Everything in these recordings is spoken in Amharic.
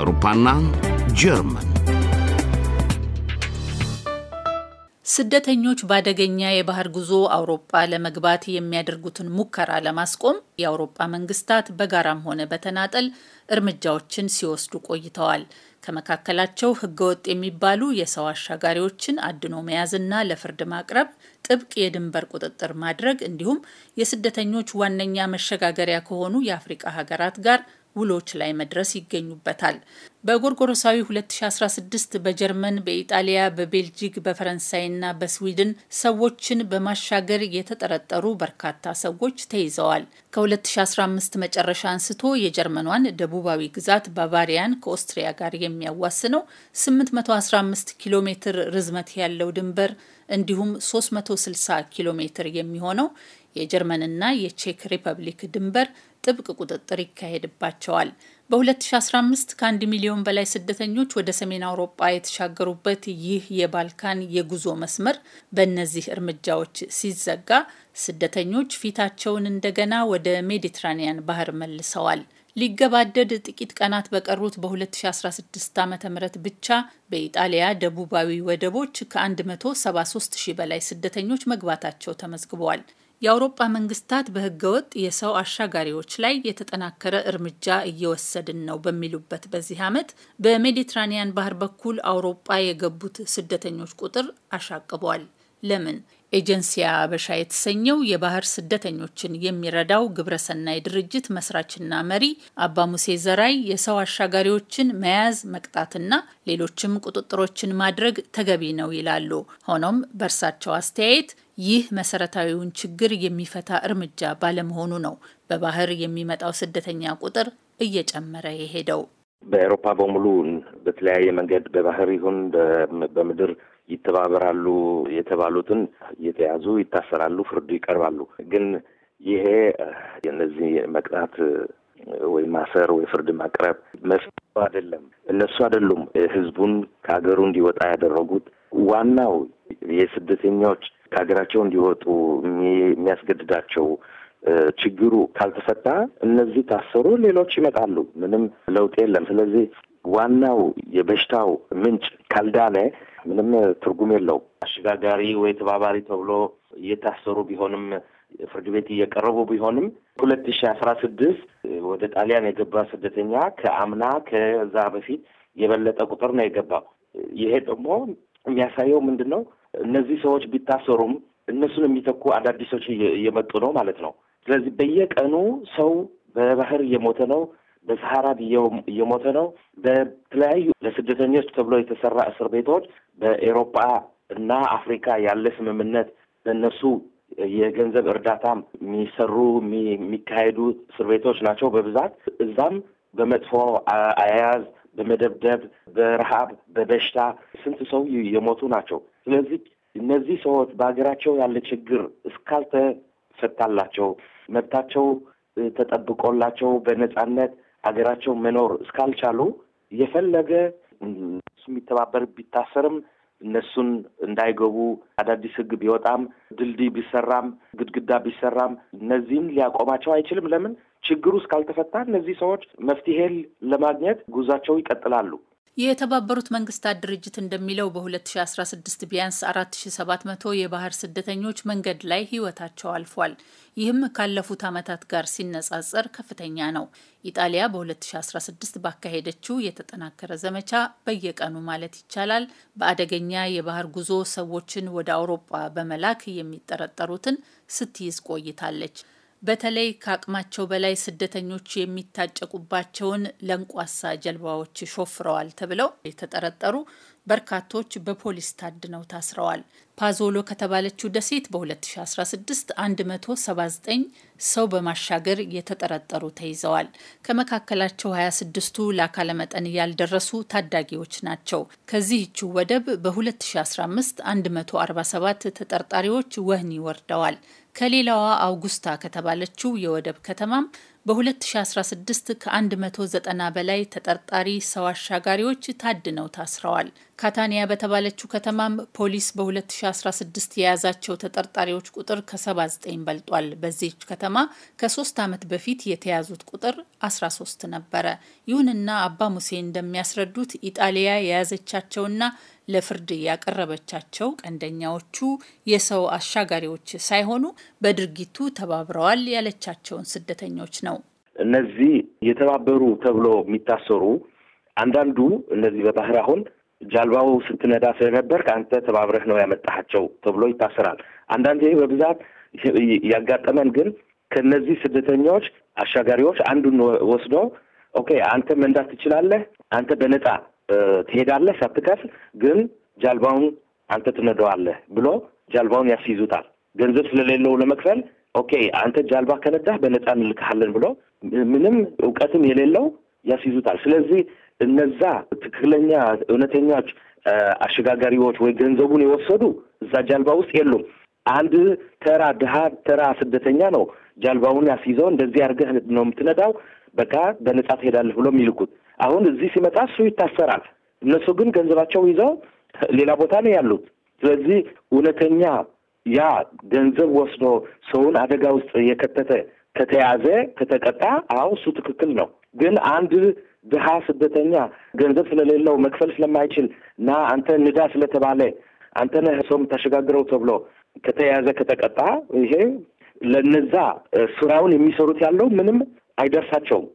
አውሮፓና ጀርመን ስደተኞች በአደገኛ የባህር ጉዞ አውሮፓ ለመግባት የሚያደርጉትን ሙከራ ለማስቆም የአውሮፓ መንግስታት በጋራም ሆነ በተናጠል እርምጃዎችን ሲወስዱ ቆይተዋል። ከመካከላቸው ህገወጥ የሚባሉ የሰው አሻጋሪዎችን አድኖ መያዝና ለፍርድ ማቅረብ፣ ጥብቅ የድንበር ቁጥጥር ማድረግ እንዲሁም የስደተኞች ዋነኛ መሸጋገሪያ ከሆኑ የአፍሪቃ ሀገራት ጋር ውሎች ላይ መድረስ ይገኙበታል። በጎርጎሮሳዊ 2016 በጀርመን፣ በኢጣሊያ፣ በቤልጂክ፣ በፈረንሳይና በስዊድን ሰዎችን በማሻገር የተጠረጠሩ በርካታ ሰዎች ተይዘዋል። ከ2015 መጨረሻ አንስቶ የጀርመኗን ደቡባዊ ግዛት ባቫሪያን ከኦስትሪያ ጋር የሚያዋስነው 815 ኪሎ ሜትር ርዝመት ያለው ድንበር እንዲሁም 360 ኪሎ ሜትር የሚሆነው የጀርመንና የቼክ ሪፐብሊክ ድንበር ጥብቅ ቁጥጥር ይካሄድባቸዋል። በ2015 ከአንድ ሚሊዮን በላይ ስደተኞች ወደ ሰሜን አውሮጳ የተሻገሩበት ይህ የባልካን የጉዞ መስመር በእነዚህ እርምጃዎች ሲዘጋ ስደተኞች ፊታቸውን እንደገና ወደ ሜዲትራኒያን ባህር መልሰዋል። ሊገባደድ ጥቂት ቀናት በቀሩት በ2016 ዓ ም ብቻ በኢጣሊያ ደቡባዊ ወደቦች ከ173 ሺህ በላይ ስደተኞች መግባታቸው ተመዝግበዋል። የአውሮጳ መንግስታት በህገወጥ የሰው አሻጋሪዎች ላይ የተጠናከረ እርምጃ እየወሰድን ነው በሚሉበት በዚህ ዓመት በሜዲትራኒያን ባህር በኩል አውሮጳ የገቡት ስደተኞች ቁጥር አሻቅቧል። ለምን? ኤጀንሲያ አበሻ የተሰኘው የባህር ስደተኞችን የሚረዳው ግብረሰናይ ድርጅት መስራችና መሪ አባ ሙሴ ዘራይ የሰው አሻጋሪዎችን መያዝ መቅጣትና ሌሎችም ቁጥጥሮችን ማድረግ ተገቢ ነው ይላሉ። ሆኖም በእርሳቸው አስተያየት ይህ መሰረታዊውን ችግር የሚፈታ እርምጃ ባለመሆኑ ነው በባህር የሚመጣው ስደተኛ ቁጥር እየጨመረ የሄደው። በአውሮፓ በሙሉ በተለያየ መንገድ በባህር ይሁን በምድር ይተባበራሉ የተባሉትን እየተያዙ ይታሰራሉ፣ ፍርዱ ይቀርባሉ። ግን ይሄ የነዚህ መቅጣት ወይ ማሰር ወይ ፍርድ ማቅረብ መፍትሄው አይደለም። እነሱ አይደሉም ህዝቡን ከሀገሩ እንዲወጣ ያደረጉት። ዋናው የስደተኛዎች ከሀገራቸው እንዲወጡ የሚያስገድዳቸው ችግሩ ካልተፈታ እነዚህ ታሰሩ፣ ሌሎች ይመጣሉ። ምንም ለውጥ የለም። ስለዚህ ዋናው የበሽታው ምንጭ ካልዳነ ምንም ትርጉም የለው አሸጋጋሪ ወይ ተባባሪ ተብሎ እየታሰሩ ቢሆንም ፍርድ ቤት እየቀረቡ ቢሆንም ሁለት ሺ አስራ ስድስት ወደ ጣሊያን የገባ ስደተኛ ከአምና ከዛ በፊት የበለጠ ቁጥር ነው የገባው። ይሄ ደግሞ የሚያሳየው ምንድን ነው? እነዚህ ሰዎች ቢታሰሩም እነሱን የሚተኩ አዳዲሶች እየመጡ ነው ማለት ነው። ስለዚህ በየቀኑ ሰው በባህር እየሞተ ነው። በሰሐራ እየሞተ ነው። በተለያዩ ለስደተኞች ተብሎ የተሰራ እስር ቤቶች በኤሮፓ እና አፍሪካ ያለ ስምምነት በእነሱ የገንዘብ እርዳታ የሚሰሩ የሚካሄዱ እስር ቤቶች ናቸው በብዛት እዛም በመጥፎ አያያዝ፣ በመደብደብ፣ በረሃብ፣ በበሽታ ስንት ሰው የሞቱ ናቸው። ስለዚህ እነዚህ ሰዎች በሀገራቸው ያለ ችግር እስካልተፈታላቸው መብታቸው ተጠብቆላቸው በነጻነት ሀገራቸው መኖር እስካልቻሉ የፈለገ የሚተባበር ቢታሰርም እነሱን እንዳይገቡ አዳዲስ ህግ ቢወጣም ድልድይ ቢሰራም ግድግዳ ቢሰራም እነዚህም ሊያቆማቸው አይችልም። ለምን ችግሩ እስካልተፈታ እነዚህ ሰዎች መፍትሄ ለማግኘት ጉዟቸው ይቀጥላሉ። የተባበሩት መንግስታት ድርጅት እንደሚለው በ2016 ቢያንስ 4700 የባህር ስደተኞች መንገድ ላይ ህይወታቸው አልፏል። ይህም ካለፉት ዓመታት ጋር ሲነጻጸር ከፍተኛ ነው። ኢጣሊያ በ2016 ባካሄደችው የተጠናከረ ዘመቻ በየቀኑ ማለት ይቻላል በአደገኛ የባህር ጉዞ ሰዎችን ወደ አውሮጳ በመላክ የሚጠረጠሩትን ስትይዝ ቆይታለች። በተለይ ከአቅማቸው በላይ ስደተኞች የሚታጨቁባቸውን ለንቋሳ ጀልባዎች ሾፍረዋል ተብለው የተጠረጠሩ በርካቶች በፖሊስ ታድነው ታስረዋል። ፓዞሎ ከተባለችው ደሴት በ2016 179 ሰው በማሻገር የተጠረጠሩ ተይዘዋል። ከመካከላቸው 26ቱ ለአካለ መጠን ያልደረሱ ታዳጊዎች ናቸው። ከዚህች ወደብ በ2015 147 ተጠርጣሪዎች ወህኒ ወርደዋል። ከሌላዋ አውጉስታ ከተባለችው የወደብ ከተማም በ2016 ከ190 በላይ ተጠርጣሪ ሰው አሻጋሪዎች ታድነው ታስረዋል። ካታኒያ በተባለችው ከተማም ፖሊስ በ2016 የያዛቸው ተጠርጣሪዎች ቁጥር ከ79 በልጧል። በዚች ከተማ ከተማ ከሶስት ዓመት በፊት የተያዙት ቁጥር 13 ነበረ። ይሁንና አባ ሙሴ እንደሚያስረዱት ኢጣሊያ የያዘቻቸውና ለፍርድ ያቀረበቻቸው ቀንደኛዎቹ የሰው አሻጋሪዎች ሳይሆኑ በድርጊቱ ተባብረዋል ያለቻቸውን ስደተኞች ነው። እነዚህ የተባበሩ ተብሎ የሚታሰሩ አንዳንዱ እነዚህ በባህር አሁን ጃልባው ስትነዳ ስለነበር ከአንተ ተባብረህ ነው ያመጣሃቸው ተብሎ ይታሰራል። አንዳንዴ በብዛት ያጋጠመን ግን ከነዚህ ስደተኞች አሻጋሪዎች አንዱን ወስዶ ኦኬ፣ አንተ መንዳት ትችላለህ፣ አንተ በነፃ ትሄዳለህ ሳትከፍል፣ ግን ጃልባውን አንተ ትነደዋለህ ብሎ ጃልባውን ያስይዙታል። ገንዘብ ስለሌለው ለመክፈል ኦኬ፣ አንተ ጃልባ ከነዳህ በነፃ እንልክሃለን ብሎ ምንም እውቀትም የሌለው ያስይዙታል። ስለዚህ እነዛ ትክክለኛ እውነተኞች አሸጋጋሪዎች ወይ ገንዘቡን የወሰዱ እዛ ጃልባ ውስጥ የሉም። አንድ ተራ ድሃ ተራ ስደተኛ ነው ጀልባውን ያስይዘው እንደዚህ አድርገህ ነው የምትነዳው፣ በቃ በነጻ ትሄዳለህ ብሎ የሚልኩት። አሁን እዚህ ሲመጣ እሱ ይታሰራል። እነሱ ግን ገንዘባቸው ይዘው ሌላ ቦታ ነው ያሉት። ስለዚህ እውነተኛ ያ ገንዘብ ወስዶ ሰውን አደጋ ውስጥ የከተተ ከተያዘ ከተቀጣ፣ አዎ እሱ ትክክል ነው። ግን አንድ ድሃ ስደተኛ ገንዘብ ስለሌለው መክፈል ስለማይችል እና አንተ ንዳ ስለተባለ አንተ ነህ ሰው ተብሎ ከተያዘ ከተቀጣ ይሄ ለነዛ ስራውን የሚሰሩት ያለው ምንም አይደርሳቸውም።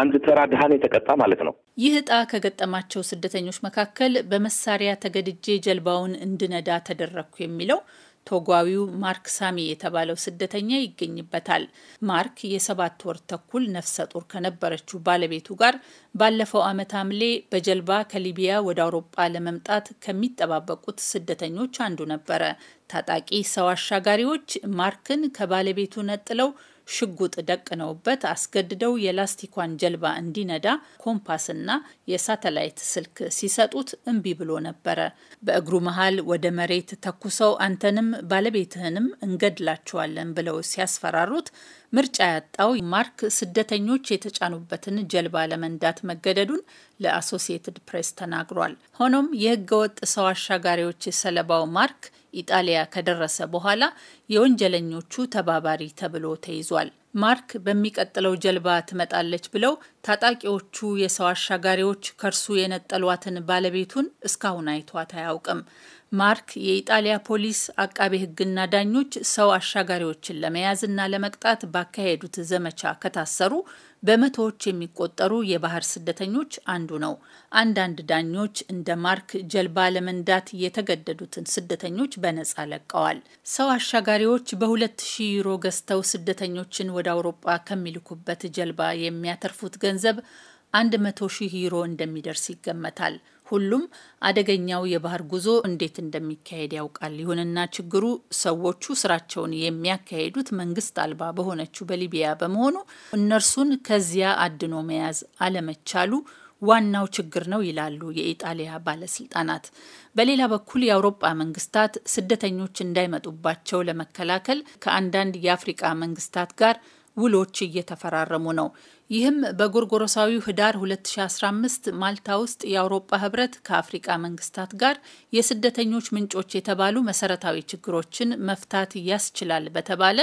አንድ ተራ ድሃን የተቀጣ ማለት ነው። ይህ እጣ ከገጠማቸው ስደተኞች መካከል በመሳሪያ ተገድጄ ጀልባውን እንድነዳ ተደረግኩ የሚለው ቶጓዊው ማርክ ሳሚ የተባለው ስደተኛ ይገኝበታል። ማርክ የሰባት ወር ተኩል ነፍሰ ጡር ከነበረችው ባለቤቱ ጋር ባለፈው ዓመት ሐምሌ በጀልባ ከሊቢያ ወደ አውሮጳ ለመምጣት ከሚጠባበቁት ስደተኞች አንዱ ነበረ። ታጣቂ ሰው አሻጋሪዎች ማርክን ከባለቤቱ ነጥለው ሽጉጥ ደቅነውበት አስገድደው የላስቲኳን ጀልባ እንዲነዳ ኮምፓስና የሳተላይት ስልክ ሲሰጡት እምቢ ብሎ ነበረ። በእግሩ መሃል ወደ መሬት ተኩሰው አንተንም ባለቤትህንም እንገድላችኋለን ብለው ሲያስፈራሩት ምርጫ ያጣው ማርክ ስደተኞች የተጫኑበትን ጀልባ ለመንዳት መገደዱን ለአሶሲየትድ ፕሬስ ተናግሯል። ሆኖም የህገወጥ ሰው አሻጋሪዎች ሰለባው ማርክ ኢጣሊያ ከደረሰ በኋላ የወንጀለኞቹ ተባባሪ ተብሎ ተይዟል። ማርክ በሚቀጥለው ጀልባ ትመጣለች ብለው ታጣቂዎቹ የሰው አሻጋሪዎች ከእርሱ የነጠሏትን ባለቤቱን እስካሁን አይቷት አያውቅም። ማርክ የኢጣሊያ ፖሊስ፣ አቃቤ ሕግና ዳኞች ሰው አሻጋሪዎችን ለመያዝና ለመቅጣት ባካሄዱት ዘመቻ ከታሰሩ በመቶዎች የሚቆጠሩ የባህር ስደተኞች አንዱ ነው። አንዳንድ ዳኞች እንደ ማርክ ጀልባ ለመንዳት የተገደዱትን ስደተኞች በነፃ ለቀዋል። ሰው አሻጋሪዎች በሁለት ሺ ዩሮ ገዝተው ስደተኞችን ወደ አውሮጳ ከሚልኩበት ጀልባ የሚያተርፉት ገንዘብ አንድ ሺህ ዩሮ እንደሚደርስ ይገመታል። ሁሉም አደገኛው የባህር ጉዞ እንዴት እንደሚካሄድ ያውቃል። ይሁንና ችግሩ ሰዎቹ ስራቸውን የሚያካሄዱት መንግስት አልባ በሆነችው በሊቢያ በመሆኑ እነርሱን ከዚያ አድኖ መያዝ አለመቻሉ ዋናው ችግር ነው ይላሉ የኢጣሊያ ባለስልጣናት። በሌላ በኩል የአውሮጳ መንግስታት ስደተኞች እንዳይመጡባቸው ለመከላከል ከአንዳንድ የአፍሪቃ መንግስታት ጋር ውሎች እየተፈራረሙ ነው። ይህም በጎርጎሮሳዊው ህዳር 2015 ማልታ ውስጥ የአውሮፓ ህብረት ከአፍሪቃ መንግስታት ጋር የስደተኞች ምንጮች የተባሉ መሰረታዊ ችግሮችን መፍታት ያስችላል በተባለ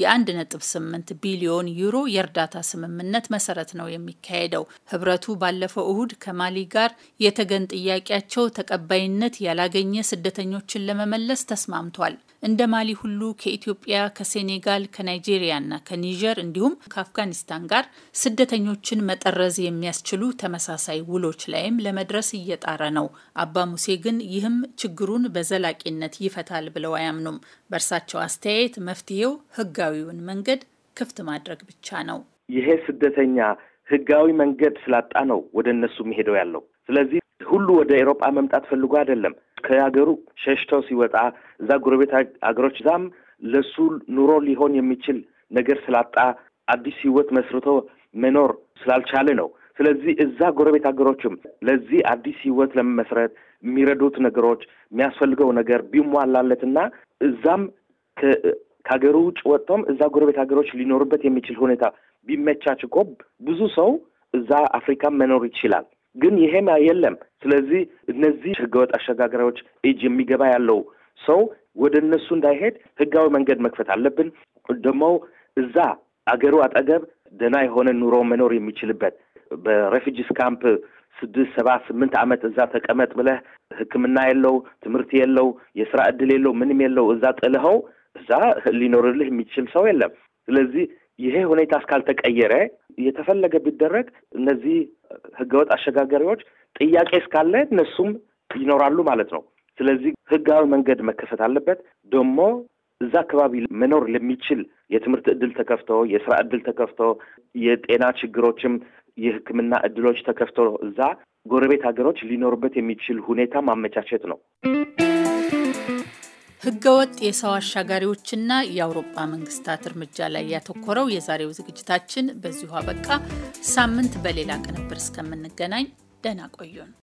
የ1.8 ቢሊዮን ዩሮ የእርዳታ ስምምነት መሰረት ነው የሚካሄደው። ህብረቱ ባለፈው እሁድ ከማሊ ጋር የተገን ጥያቄያቸው ተቀባይነት ያላገኘ ስደተኞችን ለመመለስ ተስማምቷል። እንደ ማሊ ሁሉ ከኢትዮጵያ፣ ከሴኔጋል፣ ከናይጄሪያና ከኒጀር እንዲሁም ከአፍጋኒስታን ጋር ስደተኞችን መጠረዝ የሚያስችሉ ተመሳሳይ ውሎች ላይም ለመድረስ እየጣረ ነው። አባ ሙሴ ግን ይህም ችግሩን በዘላቂነት ይፈታል ብለው አያምኑም። በእርሳቸው አስተያየት መፍትሄው ህጋ ህጋዊውን መንገድ ክፍት ማድረግ ብቻ ነው። ይሄ ስደተኛ ህጋዊ መንገድ ስላጣ ነው ወደ እነሱ የሚሄደው ያለው። ስለዚህ ሁሉ ወደ ኤሮጳ መምጣት ፈልጎ አይደለም። ከሀገሩ ሸሽቶ ሲወጣ እዛ ጎረቤት ሀገሮች ዛም ለሱ ኑሮ ሊሆን የሚችል ነገር ስላጣ አዲስ ህይወት መስርቶ መኖር ስላልቻለ ነው። ስለዚህ እዛ ጎረቤት ሀገሮችም ለዚህ አዲስ ህይወት ለመመስረት የሚረዱት ነገሮች የሚያስፈልገው ነገር ቢሟላለትና እዛም ከሀገሩ ውጭ ወጥቶም እዛ ጎረቤት ሀገሮች ሊኖሩበት የሚችል ሁኔታ ቢመቻች እኮ ብዙ ሰው እዛ አፍሪካ መኖር ይችላል። ግን ይሄም የለም። ስለዚህ እነዚህ ህገወጥ አሸጋጋሪዎች እጅ የሚገባ ያለው ሰው ወደ እነሱ እንዳይሄድ ህጋዊ መንገድ መክፈት አለብን። ደግሞ እዛ አገሩ አጠገብ ደህና የሆነ ኑሮ መኖር የሚችልበት በሬፊጂስ ካምፕ ስድስት ሰባ ስምንት ዓመት እዛ ተቀመጥ ብለህ ህክምና የለው ትምህርት የለው የስራ እድል የለው ምንም የለው እዛ ጥልኸው እዛ ሊኖርልህ የሚችል ሰው የለም። ስለዚህ ይሄ ሁኔታ እስካልተቀየረ የተፈለገ ቢደረግ እነዚህ ህገወጥ አሸጋጋሪዎች ጥያቄ እስካለ እነሱም ይኖራሉ ማለት ነው። ስለዚህ ህጋዊ መንገድ መከፈት አለበት። ደግሞ እዛ አካባቢ መኖር ለሚችል የትምህርት እድል ተከፍቶ፣ የስራ እድል ተከፍቶ፣ የጤና ችግሮችም የህክምና እድሎች ተከፍቶ እዛ ጎረቤት ሀገሮች ሊኖሩበት የሚችል ሁኔታ ማመቻቸት ነው። ህገወጥ የሰው አሻጋሪዎችና የአውሮፓ መንግስታት እርምጃ ላይ ያተኮረው የዛሬው ዝግጅታችን በዚሁ አበቃ። ሳምንት በሌላ ቅንብር እስከምንገናኝ ደህና ቆዩን።